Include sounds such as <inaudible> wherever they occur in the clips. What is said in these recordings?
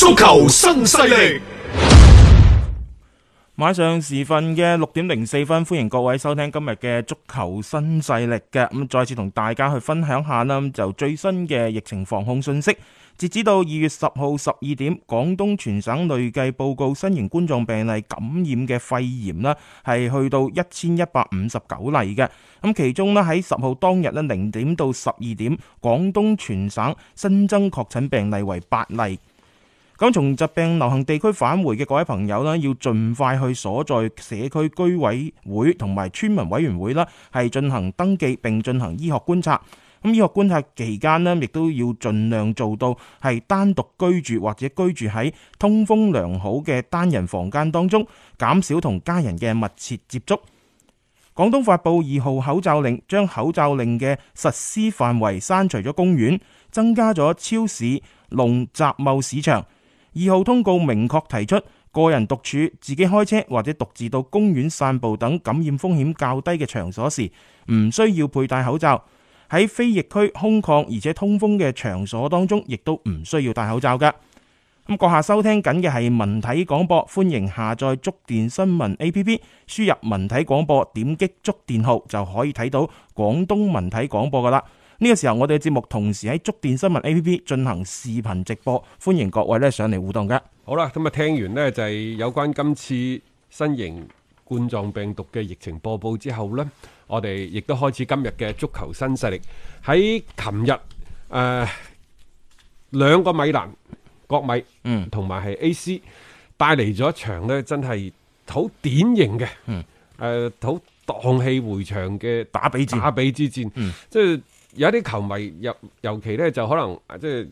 足球新勢力，晚上時分嘅六點零四分，歡迎各位收聽今日嘅足球新勢力嘅咁。再次同大家去分享下啦，就最新嘅疫情防控信息。截止到二月十號十二點，廣東全省累計報告新型冠狀病例感染嘅肺炎啦，係去到一千一百五十九例嘅。咁其中咧喺十號當日呢，零點到十二點，廣東全省新增確診病例為八例。咁從疾病流行地區返回嘅各位朋友呢，要盡快去所在社區居委會同埋村民委員會啦，係進行登記並進行醫學觀察。咁醫學觀察期間呢，亦都要盡量做到係單獨居住或者居住喺通風良好嘅單人房間當中，減少同家人嘅密切接觸。廣東發布二號口罩令，將口罩令嘅實施範圍刪除咗公園，增加咗超市、農集貿市場。二號通告明確提出，個人獨處、自己開車或者獨自到公園散步等感染風險較低嘅場所時，唔需要佩戴口罩。喺非疫區空曠而且通風嘅場所當中，亦都唔需要戴口罩噶。咁閣下收聽緊嘅係文體廣播，歡迎下載觸電新聞 A P P，輸入文體廣播，點擊觸電號就可以睇到廣東文體廣播噶啦。呢、這個時候，我哋嘅節目同時喺觸電新聞 A. P. P. 進行視頻直播，歡迎各位咧上嚟互動嘅。好啦，咁啊，聽完呢就係、是、有關今次新型冠狀病毒嘅疫情播報之後呢，我哋亦都開始今日嘅足球新勢力喺琴日誒，兩個米蘭國米，嗯，同埋係 A. C. 帶嚟咗一場咧，真係好典型嘅，誒、嗯，好、呃、盪氣回腸嘅打比、嗯、打比之戰，即係。有一啲球迷入，尤其咧，就可能即係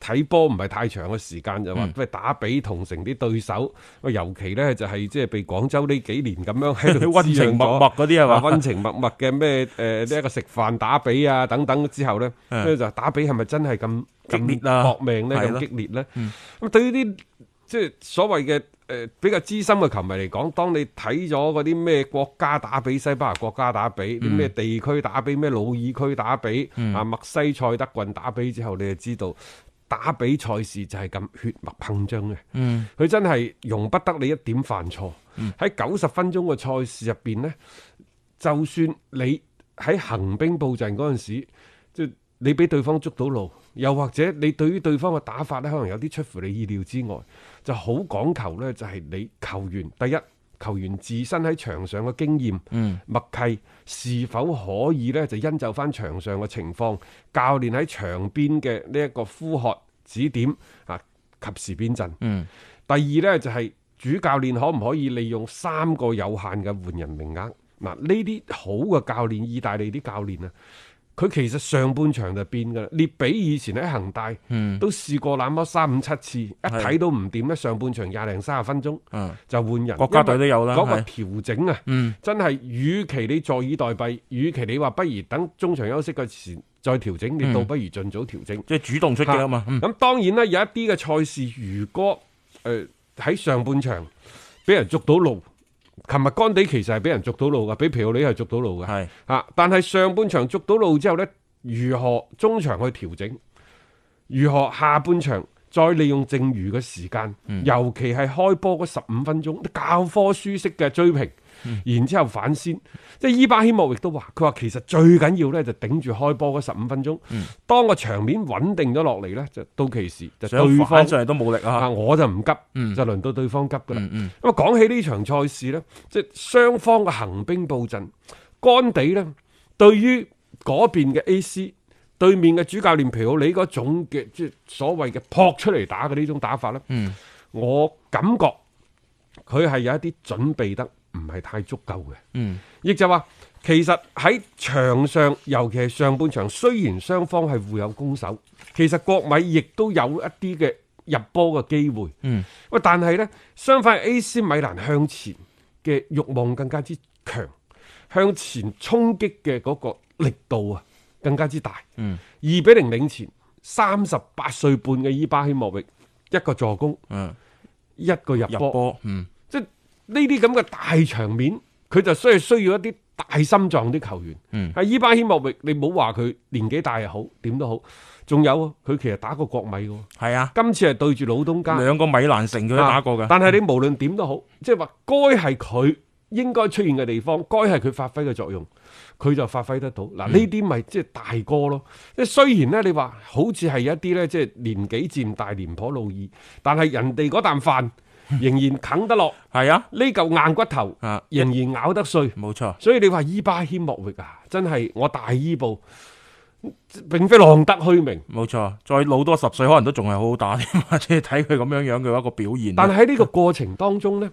睇波唔係太長嘅時間，就話都係打比同城啲對手。咁尤其咧，就係即係被廣州呢幾年咁樣喺度溫情脈脈嗰啲係嘛，溫情脈脈嘅咩誒，呢一個食飯打比啊，等等之後咧，咁就打比係咪真係咁激烈搏命呢，咁激烈咧？咁對於啲即係所謂嘅。誒、呃、比較資深嘅球迷嚟講，當你睇咗嗰啲咩國家打比、西班牙國家打比、咩、嗯、地區打比、咩魯爾區打比、嗯，啊，麥西塞德郡打比之後，你就知道打比賽事就係咁血脈膨脹嘅。嗯，佢真係容不得你一點犯錯。喺九十分鐘嘅賽事入邊呢，就算你喺行兵布陣嗰陣時候，你俾對方捉到路，又或者你對於對方嘅打法呢，可能有啲出乎你意料之外，就好講求呢，就係你球員第一，球員自身喺場上嘅經驗、默契是否可以呢？就因就翻場上嘅情況，教練喺場邊嘅呢一個呼喝指點啊，及時變陣。嗯。第二呢，就係主教練可唔可以利用三個有限嘅換人名額？嗱，呢啲好嘅教練，意大利啲教練啊。佢其實上半場就變㗎啦，列比以前喺恒大都試過那麼三五七次，一睇都唔掂咧。上半場廿零三十分鐘就換人，國家隊都有啦。嗰個調整啊，真係，與其你坐以待斃，嗯、與其你話不如等中場休息嘅時再調整，你倒不如盡早調整，即、嗯、係、就是、主動出擊啊嘛。咁、嗯、當然啦，有一啲嘅賽事，如果誒喺、呃、上半場俾人捉到路。琴日乾地其實係俾人捉到路嘅，俾皮奧里係捉到路嘅，係啊！但係上半場捉到路之後咧，如何中場去調整？如何下半場再利用剩餘嘅時間、嗯？尤其係開波嗰十五分鐘，教科書式嘅追平嗯、然之後反先，即係伊巴希莫亦都話，佢話其實最緊要咧就頂住開波嗰十五分鐘，嗯、當個場面穩定咗落嚟咧，就到期時就對方上嚟都冇力啊，我就唔急、嗯，就輪到對方急噶啦。咁、嗯、啊，講、嗯、起呢場賽事呢，即係雙方嘅行兵布陣，干地呢對於嗰邊嘅 A.C. 對面嘅主教練皮奧里嗰種嘅即係所謂嘅撲出嚟打嘅呢種打法呢、嗯，我感覺佢係有一啲準備得。唔係太足夠嘅，嗯，亦就話，其實喺場上，尤其係上半場，雖然雙方係互有攻守，其實國米亦都有一啲嘅入波嘅機會，嗯，喂，但係呢，相反，AC 米蘭向前嘅欲望更加之強，向前衝擊嘅嗰個力度啊，更加之大，嗯，二比零領前三十八歲半嘅伊巴希莫域一個助攻，嗯、啊，一個入波，嗯。呢啲咁嘅大場面，佢就需需要一啲大心臟啲球員。嗯，阿伊巴希莫域，你唔好話佢年紀大又好，點都好。仲有啊，佢其實打過國米嘅。係啊，今次係對住老東家。兩個米蘭城，佢都打過㗎、啊。但係你無論點都好，嗯、即係話該係佢應該出現嘅地方，該係佢發揮嘅作用，佢就發揮得到。嗱、嗯，呢啲咪即係大哥咯。即係雖然咧，你話好似係一啲咧，即係年紀漸大，廉頗老矣，但係人哋嗰啖飯。仍然啃得落，係啊，呢嚿硬骨頭，啊，仍然咬得碎，冇錯。所以你話伊巴謙莫域啊，真係我大伊布，並非浪得虛名，冇錯。再老多十歲，可能都仲係好好打。即係睇佢咁樣樣嘅一個表現。但係喺呢個過程當中呢，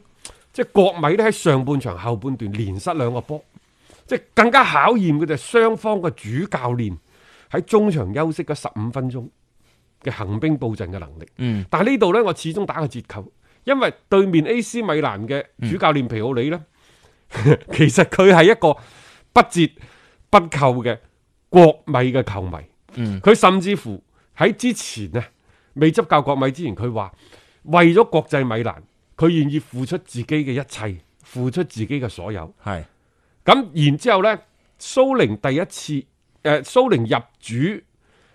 即 <laughs> 係國米呢喺上半場後半段連失兩個波，即係更加考驗嘅就係雙方嘅主教練喺中場休息咗十五分鐘嘅行兵布陣嘅能力。嗯，但係呢度呢，我始終打個折扣。因為對面 AC 米蘭嘅主教練皮奧里呢，其實佢係一個不折不扣嘅國米嘅球迷。佢甚至乎喺之前未執教國米之前，佢話為咗國際米蘭，佢願意付出自己嘅一切，付出自己嘅所有。然後呢，係咁，然之後咧蘇寧第一次誒，蘇、呃、蘇寧入主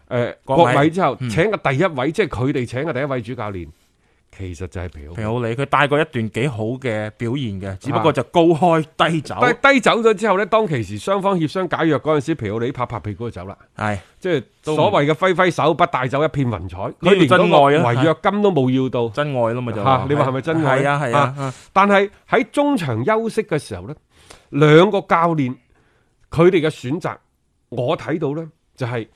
誒國米之後，請嘅第一位，嗯、即係佢哋請嘅第一位主教練。其實就係皮奧皮奧里，佢帶過一段幾好嘅表現嘅，只不過就高開低走，低走咗之後呢，當其時雙方協商解約嗰陣時，皮奧里拍拍屁股就走啦。係，即係所謂嘅揮揮手，不帶走一片雲彩，佢、嗯、連個違約金都冇要到，真愛咯嘛就係，你話係咪真愛？係啊係啊，但係喺中場休息嘅時候呢，兩個教練佢哋嘅選擇，我睇到呢、就係，就、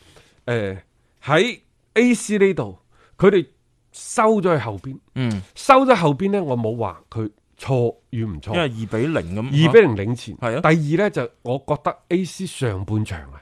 呃、係，誒喺 A.C 呢度，佢哋。收咗去後邊，嗯，收咗後邊呢，我冇話佢錯與唔錯，因為二比零咁，二比零領先。係啊，第二呢，就我覺得 A.C. 上半場啊，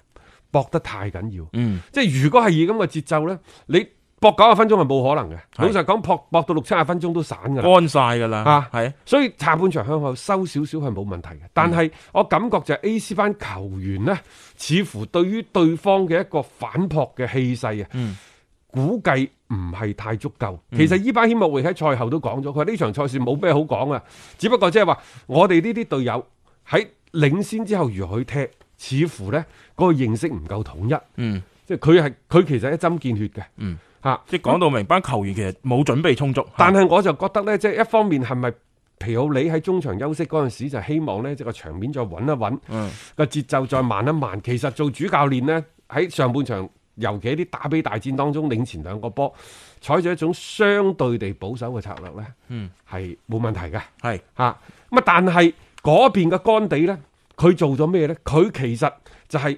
搏得太緊要，嗯，即係如果係以咁嘅節奏呢，你搏九十分鐘係冇可能嘅。老實講，搏搏到六七十分鐘都散噶，乾晒噶啦，吓係啊。所以下半場向後收少少係冇問題嘅，嗯，但係我感覺就係 A.C. 班球員呢，似乎對於對方嘅一個反撲嘅氣勢啊，嗯。估計唔係太足夠、嗯。其實伊巴希莫維奇喺賽後都講咗，佢呢場賽事冇咩好講啊。只不過即係話，我哋呢啲隊友喺領先之後如何踢，似乎呢個認識唔夠統一。嗯，即係佢係佢其實一針見血嘅。嗯，吓即係講到明班、嗯、球員其實冇準備充足，嗯、但係我就覺得呢，即係一方面係咪皮奧里喺中場休息嗰陣時就希望呢即個、就是、場面再穩一穩，個、嗯、節奏再慢一慢。其實做主教練呢，喺上半場。尤其喺啲打比大戰當中領前兩個波，採取一種相對地保守嘅策略呢，嗯，係冇問題嘅，係嚇。乜、啊、但係嗰邊嘅干地呢，佢做咗咩呢？佢其實就係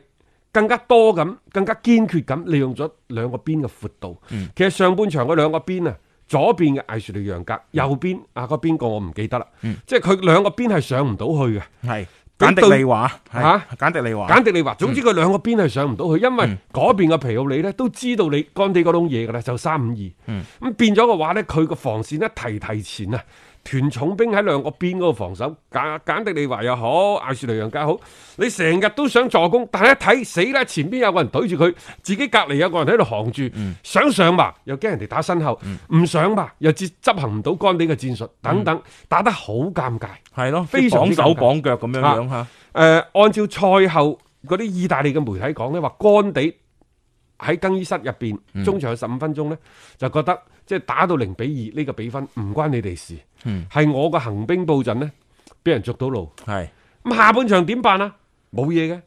更加多咁、更加堅決咁，利用咗兩個邊嘅闊度、嗯。其實上半場嘅兩個邊啊，左邊嘅艾樹利揚格，右邊啊個、嗯、邊個我唔記得啦、嗯。即係佢兩個邊係上唔到去嘅，係。簡迪利華，吓簡迪利華，簡迪利華，總之佢兩個邊係上唔到去，嗯，因為嗰邊嘅皮奧利都知道你干地嗰桶嘢噶啦，就三五二，咁變咗嘅話呢，佢個防線咧提提前啊。團重兵喺兩個邊嗰個防守，簡簡迪利華又好，艾雪利揚更好。你成日都想助攻，但一睇死啦，前邊有個人對住佢，自己隔離有個人喺度行住，想上吧又驚人哋打身後，唔上吧又接執行唔到乾地嘅戰術，等等，嗯、打得好尷尬，係咯，非常綁手綁腳咁樣樣、啊呃、按照賽後嗰啲意大利嘅媒體講咧，話乾地。喺更衣室入邊，中場有十五分鐘呢、嗯，就覺得即係、就是、打到零比二呢個比分唔關你哋事，係、嗯、我個行兵布陣呢，俾人捉到路。係咁下半場點辦啊？冇嘢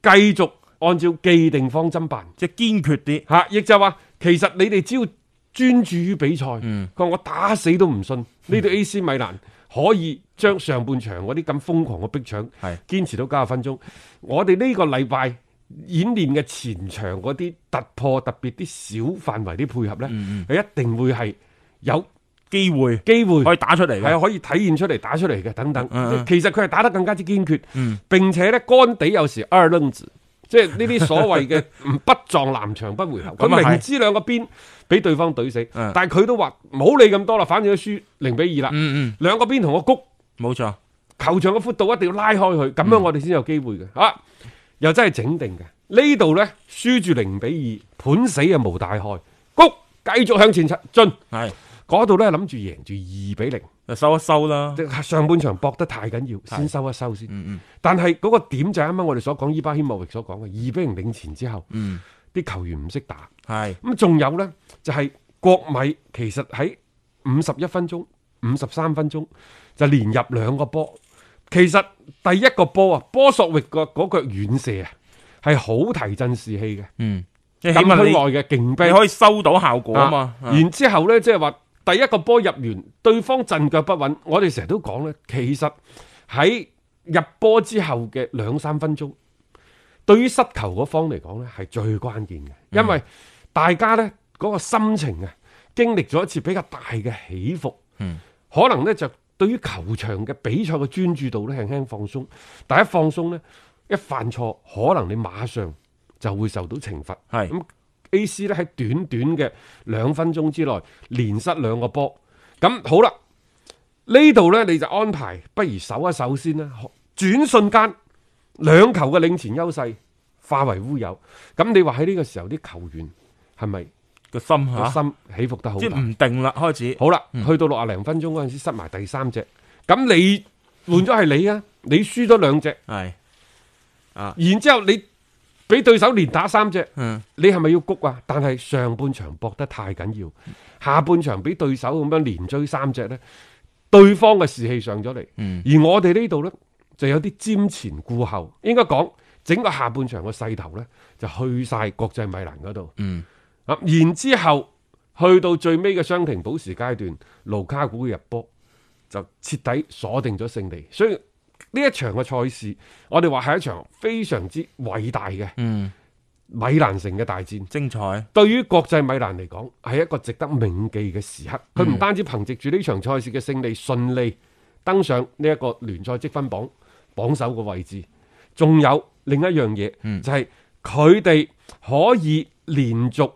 嘅，繼續按照既定方針辦，即係堅決啲吓。亦、啊、就話，其實你哋只要專注於比賽，佢、嗯、話我打死都唔信呢隊、嗯、A.C. 米蘭可以將上半場嗰啲咁瘋狂嘅逼搶係堅持到九十分鐘。我哋呢個禮拜。演練嘅前場嗰啲突破，特別啲小範圍啲配合咧，係、嗯嗯、一定會係有機會，機會可以打出嚟，係可以體現出嚟打出嚟嘅等等，嗯嗯，其實佢係打得更加之堅決、嗯，並且咧干地有時、嗯、即係呢啲所謂嘅不撞南牆不回頭。佢 <laughs> 明知兩個邊俾對方懟死，嗯、但係佢都話唔好理咁多啦，反正都輸零比二啦。兩、嗯嗯、個邊同我谷，冇錯，球場嘅闊度一定要拉開佢，咁樣我哋先有機會嘅又真係整定嘅，呢度呢，輸住零比二，盤死啊無大害，谷繼續向前進係嗰度呢，諗住贏住二比零，收一收啦。上半場搏得太緊要，先收一收先。嗯嗯。但係嗰個點就係啱啱我哋所講，伊巴謙莫域所講嘅二比零領前之後，嗯，啲球員唔識打係咁，仲有呢，就係國米其實喺五十一分鐘、五十三分鐘就連入兩個波。其實第一個波啊，波索域個嗰腳軟射啊，係好提振士氣嘅。嗯，禁區外嘅勁臂可以收到效果啊嘛。啊啊然之後咧，即係話第一個波入完，對方陣腳不穩。我哋成日都講咧，其實喺入波之後嘅兩三分鐘，對於失球嗰方嚟講咧，係最關鍵嘅，因為大家咧嗰，那個心情啊，經歷咗一次比較大嘅起伏。嗯、可能咧就。對於球場嘅比賽嘅專注度咧，輕輕放鬆，但一放鬆呢，一犯錯，可能你馬上就會受到懲罰。係咁，AC 呢，喺短短嘅兩分鐘之內連失兩個波，咁好啦，呢度呢，你就安排，不如守一守先啦。轉瞬間，兩球嘅領前優勢化為烏有。咁你話喺呢個時候啲球員係咪？個心、啊、心起伏得好，即係唔定啦。開始好啦、嗯，去到六啊零分鐘嗰陣時，失埋第三隻。咁你換咗係你啊，嗯、你輸咗兩隻，係啊。然之後你俾對手連打三隻、嗯，你係咪要谷啊？但係上半場搏得太緊要、嗯，下半場俾對手咁樣連追三隻呢，對方嘅士氣上咗嚟、嗯，而我哋呢度呢，就有啲瞻前顧後，應該講整個下半場嘅勢頭呢，就去晒國際米蘭嗰度，嗯。然之後去到最尾嘅傷停補時階段，盧卡古嘅入波就徹底鎖定咗勝利。所以呢一場嘅賽事，我哋話係一場非常之偉大嘅，嗯，米蘭城嘅大戰，精彩。對於國際米蘭嚟講，係一個值得銘記嘅時刻。佢唔單止憑藉住呢場賽事嘅勝利，嗯、順利登上呢一個聯賽積分榜榜首嘅位置，仲有另一樣嘢、嗯，就係佢哋可以連續。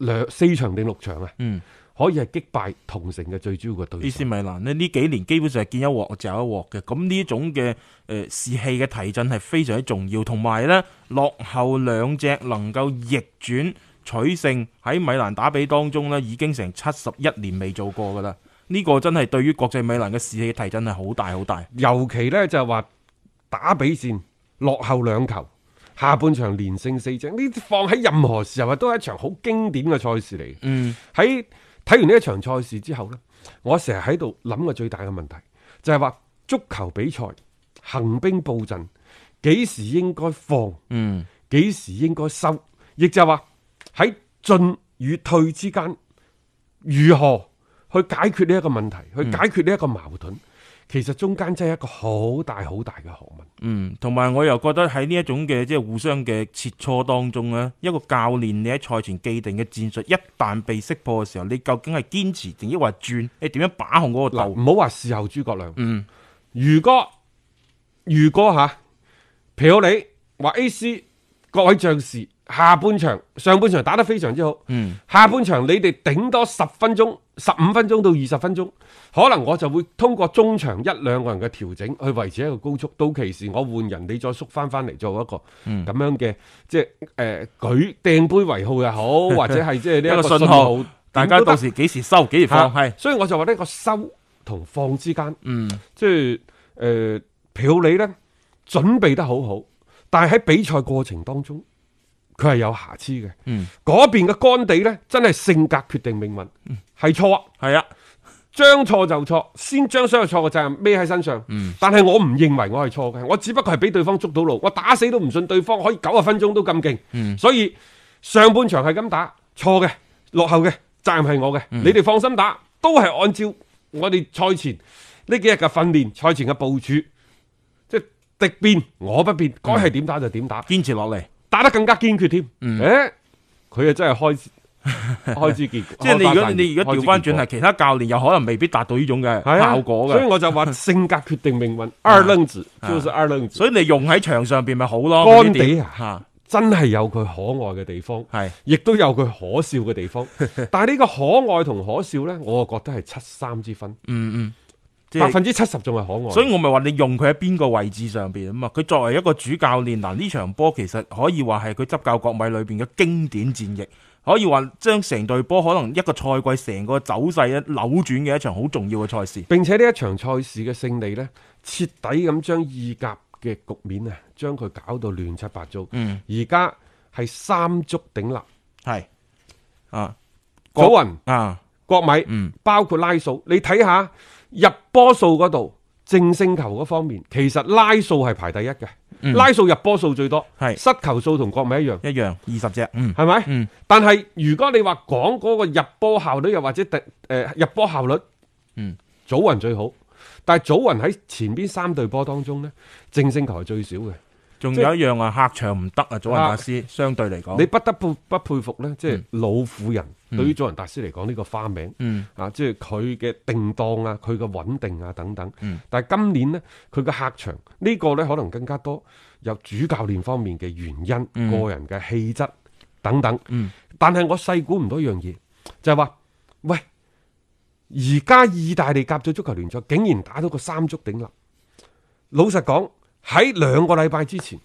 兩四場定六場啊！嗯，可以係擊敗同城嘅最主要嘅對手。伊斯米蘭呢，呢幾年基本上係見一鑊就一鑊嘅，咁呢種嘅誒、呃、士氣嘅提振係非常之重要。同埋呢，落後兩隻能夠逆轉取勝喺米蘭打比當中呢，已經成七十一年未做過噶啦。呢、這個真係對於國際米蘭嘅士氣提振係好大好大。尤其呢就係話打比戰落後兩球。下半場連勝四隻，呢放喺任何時候都係一場好經典嘅賽事嚟。嗯，喺睇完呢一場賽事之後咧，我成日喺度諗嘅最大嘅問題就係話足球比賽行兵布陣，幾時應該放？嗯，幾時應該收？亦就係話喺進與退之間，如何去解決呢一個問題？嗯、去解決呢一個矛盾？其實中間真係一個好大好大嘅學問。嗯，同埋我又覺得喺呢一種嘅即係互相嘅切磋當中咧，一個教練你喺賽前既定嘅戰術，一旦被識破嘅時候，你究竟係堅持定抑或轉？你點樣把控嗰個流？唔好話事後諸葛亮。嗯，如果如果吓譬如皮奧里話 AC，各位將士。下半場上半場打得非常之好，嗯，下半場你哋頂多十分鐘、十五分鐘到二十分鐘，可能我就會通過中場一兩個人嘅調整去維持一個高速。到期時我換人，你再縮返返嚟做一個咁樣嘅、嗯，即係誒舉掟杯為號又好、嗯，或者係即係呢一個信號，大家到時幾時收幾時放、啊，所以我就話呢個收同放之間，嗯，即係誒，漂、呃、你呢準備得好好，但係喺比賽過程當中。佢係有瑕疵嘅，嗰邊嘅干地呢，真係性格決定命運，係、嗯、錯，係啊，將錯就錯，先將所有錯嘅責任孭喺身上。嗯、但係我唔認為我係錯嘅，我只不過係俾對方捉到路，我打死都唔信對方可以九十分鐘都咁勁、嗯。所以上半場係咁打，錯嘅落後嘅責任係我嘅、嗯，你哋放心打，都係按照我哋賽前呢幾日嘅訓練，賽前嘅部署，即係敵變我不變，該係點打就點打，堅、嗯、持落嚟。打得更加堅決添，誒、嗯，佢、欸、啊，真係開開花結果， <laughs> 即係你如果你如果調翻轉係其他教練，又可能未必達到呢種嘅效果嘅、啊。所以我就話 <laughs> 性格決定命運，二愣子就是二愣子。所以你用喺場上邊咪好咯，干地啊，啊，真係有佢可愛嘅地方，係，亦都有佢可笑嘅地方。 <laughs> 但係呢個可愛同可笑咧，我啊覺得係七三之分。嗯嗯。百分之七十仲係可望，所以我咪話你用佢喺邊個位置上邊啊嘛？佢作為一個主教練，嗱呢場波其實可以話係佢執教國米裏邊嘅經典戰役，可以話將成隊波可能一個賽季成個走勢啊扭轉嘅一場好重要嘅賽事，並且呢一場賽事嘅勝利呢，徹底咁將意甲嘅局面啊，將佢搞到亂七八糟。嗯，而家係三足鼎立，係啊，祖雲啊，國米，包括拉素，嗯，你睇下。入波數嗰度淨勝球嗰方面，其實拉數係排第一嘅、嗯，拉數入波數最多，係失球數同國米一樣，一樣二十隻，係咪、嗯？但係如果你話講嗰個入波效率，又或者第誒、呃、入波效率，嗯，祖雲最好，但係祖雲喺前邊三隊波當中咧，淨勝球係最少嘅。仲有一樣啊，就是、客場唔得啊，祖雲圖斯、啊、相對嚟講，你不得不不佩服咧，即、就、係、是、老婦人。嗯嗯、對於祖雲達斯嚟講呢個花名，嗯、啊，即係佢嘅定當啊，佢嘅穩定啊等等。嗯、但係今年呢，佢嘅客場呢、這個呢，可能更加多有主教練方面嘅原因、嗯、個人嘅氣質等等。嗯、但係我細估唔到一樣嘢，就係、是、話，喂，而家意大利甲組足球聯賽竟然打到個三足鼎立。老實講，喺兩個禮拜之前，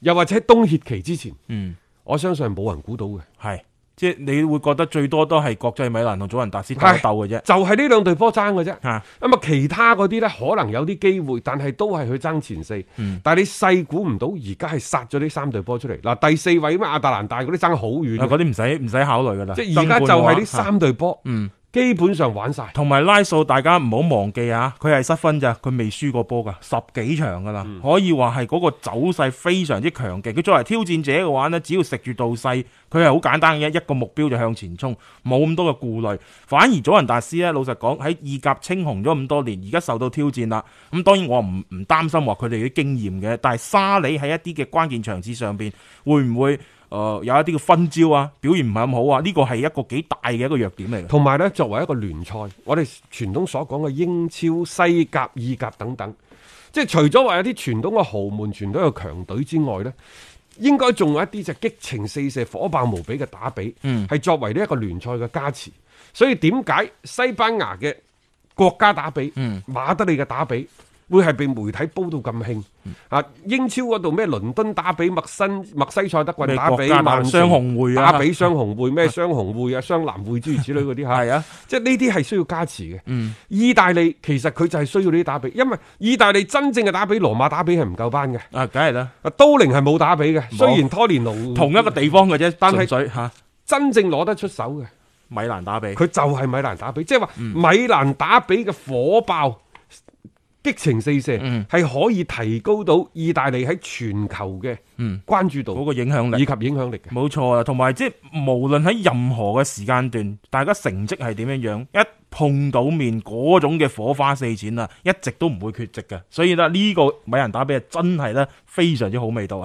又或者喺冬歇期之前，嗯、我相信冇人估到嘅。係。即係你會覺得最多都係國際米蘭同祖雲達斯打鬥嘅啫，就係呢兩隊波爭嘅啫。咁啊，其他嗰啲咧可能有啲機會，但係都係去爭前四。嗯、但係你細估唔到而家係殺咗呢三隊波出嚟。嗱、啊，第四位咩亞特蘭大嗰啲爭好遠，嗰啲唔使唔使考慮噶啦。即係而家就係呢三隊波。啊嗯基本上玩晒，同埋拉素大家唔好忘記啊！佢係失分咋，佢未輸過波噶，十幾場噶啦，嗯，可以話係嗰個走勢非常之強勁。佢作為挑戰者嘅話呢，只要食住道勢，佢係好簡單嘅，一個目標就向前衝，冇咁多嘅顧慮。反而祖雲達斯咧，老實講喺意甲青紅咗咁多年，而家受到挑戰啦。咁當然我唔唔擔心話佢哋嘅經驗嘅，但係沙里喺一啲嘅關鍵場次上面，會唔會？誒、呃、有一啲嘅分招啊，表現唔係咁好啊，呢個係一個幾大嘅一個弱點嚟。同埋呢作為一個聯賽，我哋傳統所講嘅英超、西甲、意甲等等，即係除咗話有啲傳統嘅豪門、傳統嘅強隊之外呢，應該仲有一啲就激情四射、火爆無比嘅打比，係、嗯、作為呢一個聯賽嘅加持。所以點解西班牙嘅國家打比，嗯、馬德里嘅打比？會係被媒體煲到咁興啊！英超嗰度咩倫敦打比、墨新墨西塞德郡打比、雙紅會，打比雙紅會咩雙紅會啊雙藍會諸如此類嗰啲係啊！即係呢啲係需要加持嘅、嗯。意大利其實佢就係需要呢啲打比，因為意大利真正嘅打比、羅馬打比係唔夠班嘅。啊，梗係啦！啊，都靈係冇打比嘅，雖然拖連奴同一個地方嘅啫、啊，但係吓真正攞得出手嘅米蘭打比，佢就係米蘭打比，即係話米蘭打比嘅火爆。嗯嗯激情四射，係、嗯、可以提高到意大利喺全球嘅關注度、嗰、嗯嗰個影響力以及影響力嘅。冇錯啊，同埋即係無論喺任何嘅時間段，大家成績係點樣樣，一碰到面嗰種嘅火花四濺啊，一直都唔會缺席嘅。所以呢、這、呢個米蘭打比真係咧非常之好味道啊！